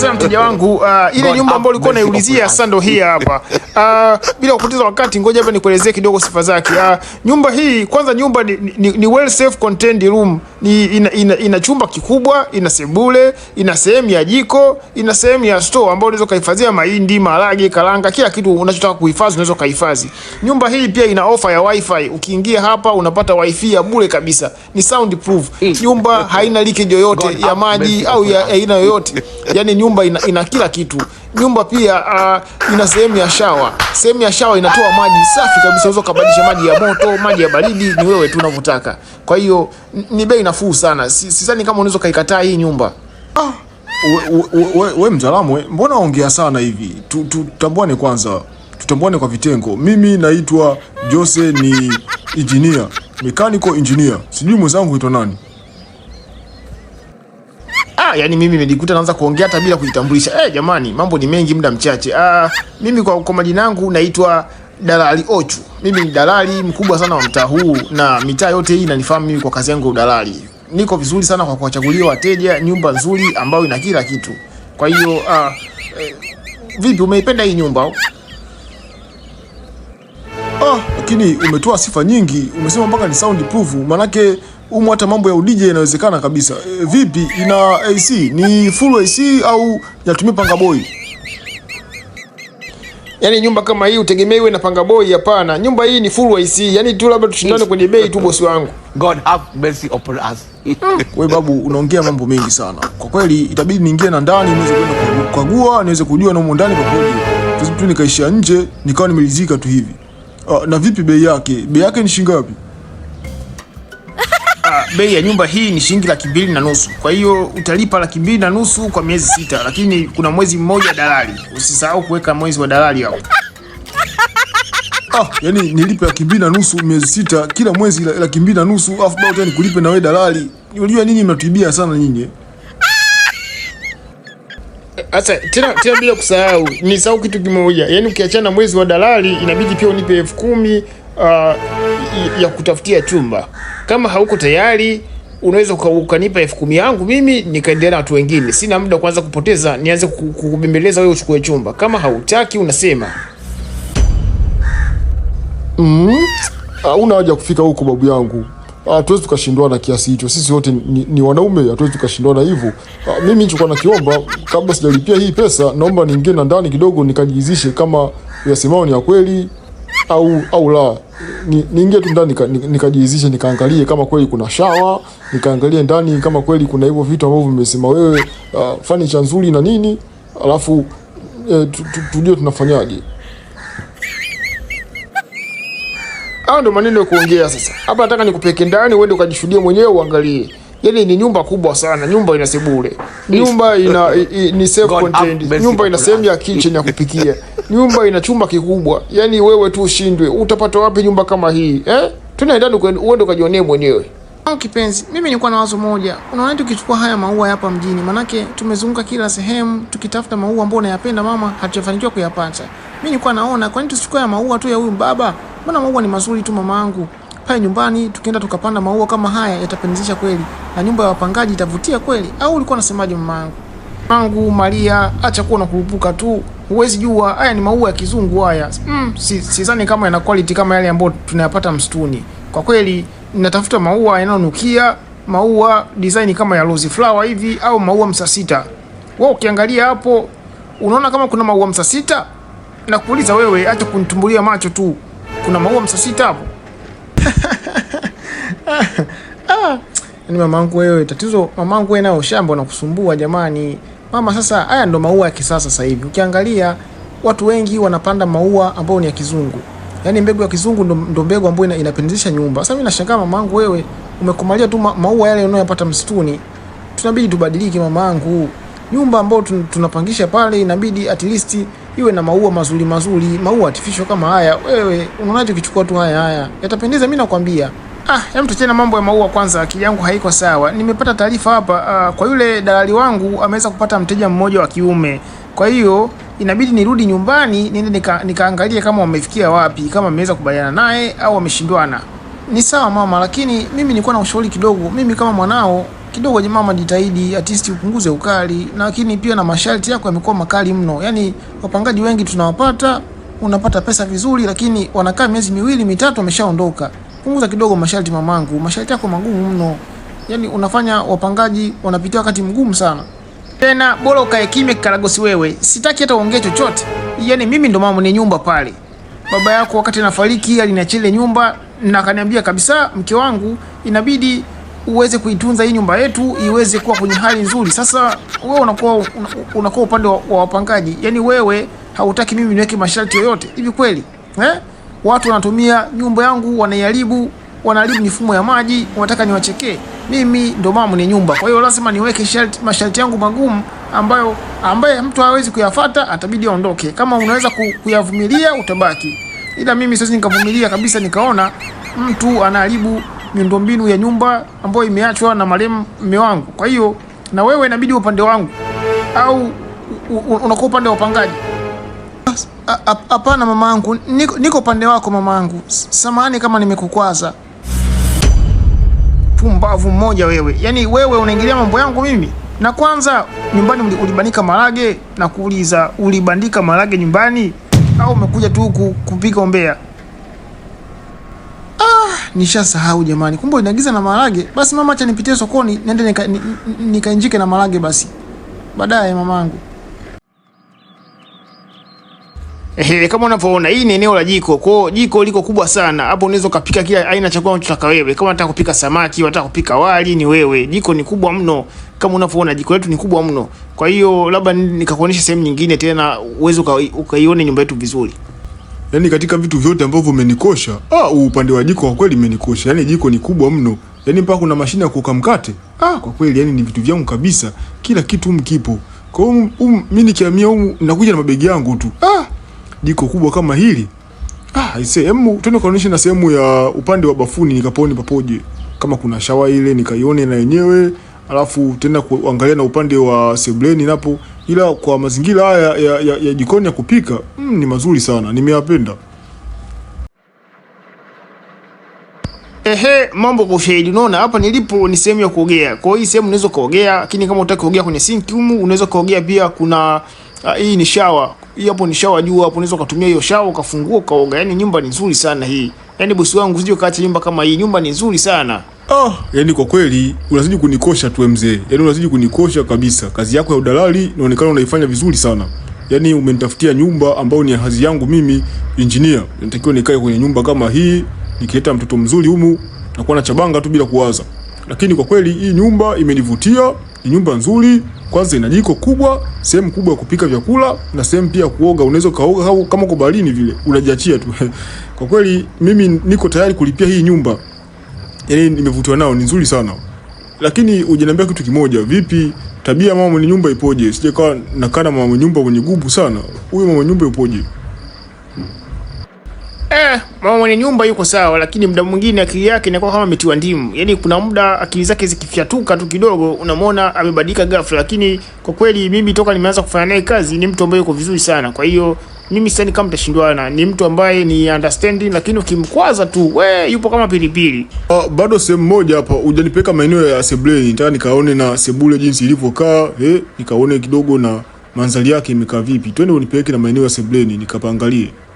sana mteja wangu. Uh, ile nyumba ambayo ulikuwa unaiulizia sasa ndo hii hapa. Uh, bila kupoteza wakati, ngoja hapa nikuelezee kidogo sifa zake. Uh, nyumba hii kwanza, nyumba ni, ni, ni well safe contained room. Ni ina, ina, ina chumba kikubwa, ina sebule, ina sehemu ya jiko, ina sehemu ya store ambayo unaweza kuhifadhia mahindi, maharage, karanga, kila kitu unachotaka kuhifadhi unaweza kuhifadhi. Nyumba hii pia ina ofa ya wifi. Ukiingia hapa unapata wifi ya bure kabisa. Ni soundproof. Mm. Nyumba haina leakage yoyote ya maji au ya aina yoyote. yani nyumba nyumba ina, ina kila kitu. Nyumba pia uh, ina sehemu ya shawa. Sehemu ya shawa inatoa maji safi kabisa, unaweza kubadilisha maji ya moto, maji ya baridi, ni wewe tu unavyotaka. Kwa hiyo ni bei nafuu sana, sidhani kama unaweza kaikataa hii nyumba. Ah, we, we, mtaalamu, mbona ongea sana hivi? Tutambuane kwanza tutambuane kwa vitengo. Mimi naitwa Jose, ni engineer, mechanical engineer. Sijui mwenzangu huitwa nani? Ah, yani mimi nimejikuta naanza kuongea hata bila kujitambulisha. Eh, jamani, mambo ni mengi muda mchache. Ah, mimi kwa kwa majina yangu naitwa Dalali Ochu. Mimi ni dalali mkubwa sana wa mtaa huu na mitaa yote hii inanifahamu mimi kwa kazi yangu ya udalali. Niko vizuri sana kwa kuwachagulia wateja nyumba nzuri ambayo ina kila kitu. Kwa hiyo ah, eh, vipi umeipenda hii nyumba? lakini umetoa sifa nyingi, umesema mpaka ni soundproof, manake umu hata mambo ya udije inawezekana kabisa. E, vipi ina AC? Ni full AC au yatumie panga boy? Yaani nyumba kama hii utegemewe na panga boy? Hapana, nyumba hii ni full AC. Yaani tu labda tushindane kwenye bei tu, bosi wangu. God have mercy upon us. Wewe mm. babu, unaongea mambo mengi sana kwa kweli, itabidi niingie na ndani niweze kwenda kukagua niweze kujua na umo ndani kwa kweli, tu nikaishia nje nikawa nimelizika tu hivi. Ah, na vipi bei yake? Bei yake ni shilingi ngapi? Ah, bei ya nyumba hii ni shilingi laki mbili na nusu. Kwa hiyo utalipa laki mbili na nusu kwa miezi sita, lakini kuna mwezi mmoja dalali. Usisahau kuweka mwezi wa dalali hapo. Ah, yani nilipe laki mbili na nusu miezi sita, kila mwezi laki mbili na nusu, afu baada ya nikulipe na wewe dalali. Unajua nini mnatuibia sana nyinyi? Eh? Sasa tena tena bila kusahau, ni sahau kitu kimoja. Yaani ukiachana mwezi wa dalali inabidi pia unipe elfu kumi uh, ya kutafutia chumba. Kama hauko tayari unaweza ukanipa elfu kumi yangu mimi nikaendelea na watu wengine. Sina muda kwanza kupoteza, nianze kukubembeleza wewe uchukue chumba. Kama hautaki unasema. Mm, hauna ah, haja kufika huko babu yangu. Ah, hatuwezi tukashindwana kiasi hicho. Sisi wote ni, ni wanaume, hatuwezi tukashindwana hivyo. Ah, mimi nilichokuwa nakiomba kabla sijalipia hii pesa, naomba niingie na ndani kidogo nikajiizishe kama yasemao ni ya kweli au au la. Niingie ni tu ndani nikajihizishe nika nikaangalie kama kweli kuna shawa, nikaangalie ndani kama kweli kuna hivyo vitu ambavyo vimesema wewe, uh, ah, furniture nzuri na nini, alafu eh, tujue tunafanyaje. Hayo ndo maneno ya kuongea sasa. Hapa nataka nikupeke ndani uende ukajishuhudia mwenyewe uangalie. Yaani ni nyumba kubwa sana, nyumba ina sebule. Nyumba ina i, ni self contained. Nyumba ina sehemu ya kitchen ya kupikia. Nyumba ina chumba kikubwa. Yaani wewe tu ushindwe. Utapata wapi nyumba kama hii? Eh? Tunaenda uende ukajionee mwenyewe. Au kipenzi, mimi nilikuwa na wazo moja. Unaona tukichukua haya maua hapa mjini, manake tumezunguka kila sehemu tukitafuta maua ambayo unayapenda mama, hatujafanikiwa kuyapata. Mimi nilikuwa naona kwa nini tusichukue maua tu ya huyu baba? Mbona maua ni mazuri tu mamaangu. Pale nyumbani tukienda tukapanda maua kama haya yatapendezesha kweli, na nyumba ya wapangaji itavutia kweli, au ulikuwa unasemaje mamaangu? Mangu Maria, acha kuwa nakurupuka tu, huwezi jua haya ni maua ya kizungu haya. Mm, sidhani si kama yana quality kama yale ambayo tunayapata msituni. Kwa kweli natafuta maua yanayonukia, maua design kama ya rose flower hivi au maua msasita. Wewe ukiangalia hapo unaona kama kuna maua msasita? Nakuuliza wewe, acha kunitumbulia macho tu kuna maua msasita hapo. Ah, ni yaani mamangu wewe, tatizo mamangu wewe nao shamba unakusumbua jamani. Mama, sasa haya ndo maua ya kisasa sasa hivi. Ukiangalia watu wengi wanapanda maua ambayo ni ya kizungu. Yaani mbegu ya kizungu ndo, ndo mbegu ambayo ina, inapendezesha nyumba. Sasa mimi nashangaa mamangu wewe umekumalia tu ma, maua yale unayopata msituni. Tunabidi tubadilike mamangu. Nyumba ambayo tun, tunapangisha pale inabidi at least iwe na maua mazuri mazuri, maua artificial kama haya. Wewe unaonaje ukichukua tu haya haya, yatapendeza? Mimi nakwambia. Ah, hem, tuachane mambo ya maua kwanza, akili yangu haiko sawa. Nimepata taarifa hapa uh, kwa yule dalali wangu ameweza kupata mteja mmoja wa kiume, kwa hiyo inabidi nirudi nyumbani niende nika, nikaangalie kama wamefikia wapi, kama ameweza kubaliana naye au wameshindwana. Ni sawa mama, lakini mimi nilikuwa na ushauri kidogo. Mimi kama mwanao kidogo jimama, jitahidi at least upunguze ukali, lakini pia na masharti yako yamekuwa makali mno. Yani wapangaji wengi tunawapata, unapata pesa vizuri, lakini wanakaa miezi miwili mitatu, wameshaondoka. Punguza kidogo masharti mamangu, masharti yako magumu mno, yani unafanya wapangaji wanapitia wakati mgumu sana. Tena bora ukae kimya, kikaragosi wewe, sitaki hata uongee chochote. Yani mimi ndo mama mwenye nyumba pale. Baba yako wakati anafariki aliniachia nyumba na akaniambia kabisa, mke wangu inabidi uweze kuitunza hii nyumba yetu iweze kuwa kwenye hali nzuri. Sasa wewe unakuwa unakuwa upande wa, wa wapangaji, yaani wewe hautaki mimi niweke masharti yoyote hivi kweli eh? Watu wanatumia nyumba yangu wanaiharibu, wanaharibu mifumo ya maji, wanataka niwachekee mimi ndo mama mwenye nyumba. Kwa hiyo lazima niweke sharti, masharti yangu magumu ambayo ambaye mtu hawezi kuyafata atabidi aondoke. Kama unaweza kuyavumilia utabaki, ila mimi siwezi nikavumilia kabisa, nikaona mtu anaharibu miundombinu ya nyumba ambayo imeachwa na marehemu mume wangu. Kwa hiyo na wewe inabidi upande wangu au unakuwa upande wa upangaji? Hapana mama yangu, niko, niko upande wako mama yangu. Samahani kama nimekukwaza. Pumbavu mmoja wewe, yaani wewe unaingilia mambo yangu mimi. Na kwanza nyumbani ulibandika marage na kuuliza, ulibandika marage nyumbani au umekuja tu kupika umbea? nishasahau jamani, kumbe inaagiza na marage. Basi mama, acha nipitie sokoni niende nikainjike nika na marage basi baadaye mamangu. Ehe, kama unavyoona hii ni eneo la jiko. Kwa hiyo jiko liko kubwa sana. Hapo unaweza kupika kila aina chakula unachotaka wewe. Kama unataka kupika samaki, unataka kupika wali ni wewe. Jiko ni kubwa mno. Kama unavyoona jiko letu ni kubwa mno. Kwa hiyo labda nikakuonesha sehemu nyingine tena uweze ukaione nyumba yetu vizuri yani katika vitu vyote ambavyo umenikosha. Ah, upande wa jiko kwa kweli imenikosha. Yani jiko ni kubwa mno. Yani mpaka kuna mashine ya kuoka mkate. Ah, kwa kweli yani ni vitu vyangu kabisa. Kila kitu humu kipo. Kwa hiyo um, mimi nikihamia humu nakuja na mabegi yangu tu. Ah, jiko kubwa kama hili. Ah, aisee, hemu twende kaoneshe na sehemu ya upande wa bafuni nikapaone papoje. Kama kuna shawa ile nikaione na yenyewe, alafu tena kuangalia na upande wa sebleni napo ila kwa mazingira haya ya, ya, ya jikoni ya kupika mm, ni mazuri sana, nimeyapenda. Ehe, mambo kwa ushahidi. Unaona hapa nilipo ni sehemu ya kuogea, kwa hii sehemu unaweza kuogea, lakini kama unataka kuogea kwenye sink humu unaweza kuogea pia. Kuna a, ah, hii ni shawa, hii hapo ni shawa juu hapo, unaweza kutumia hiyo shawa ukafungua ukaoga. Yani nyumba ni nzuri sana hii, yani bosi wangu, sije kaacha nyumba kama hii. Nyumba ni nzuri sana. Ah, yani kwa kweli unazidi kunikosha tu mzee. Yaani unazidi kunikosha kabisa. Kazi yako ya udalali inaonekana unaifanya vizuri sana. Yaani umenitafutia nyumba ambayo ni hazi yangu mimi engineer. Natakiwa nikae kwenye nyumba kama hii, nikileta mtoto mzuri humu na kuwa na chabanga tu bila kuwaza. Lakini kwa kweli hii nyumba imenivutia, ni nyumba nzuri, kwanza ina jiko kubwa, sehemu kubwa ya kupika vyakula na sehemu pia kuoga. Unaweza kaoga kama uko baharini vile, unajiachia tu. Kwa kweli mimi niko tayari kulipia hii nyumba yani nimevutiwa nao, ni nzuri sana. Lakini ujaniambia kitu kimoja, vipi tabia mama mwenye nyumba ipoje? Sije kawa nakana mama mwenye nyumba mwenye gubu sana. Huyo mama mwenye nyumba ipoje? Eh, mama mwenye nyumba yuko sawa, lakini muda mwingine akili yake inakuwa kama ametiwa ndimu. Yaani kuna muda akili zake zikifyatuka tu kidogo unamwona amebadilika ghafla, lakini kwa kweli mimi toka nimeanza kufanya naye kazi ni mtu ambaye yuko vizuri sana. Kwa hiyo mimi sidhani kama mtashindwana. Ni mtu ambaye ni understanding, lakini ukimkwaza tu we yupo kama pilipili. Uh, bado sehemu moja hapa hujanipeleka maeneo ya sebule, nitaka nikaone na sebule jinsi ilivyokaa, eh, nikaone kidogo na manzali yake imekaa vipi. Twende unipeleke na maeneo ya sebuleni nikapangalie.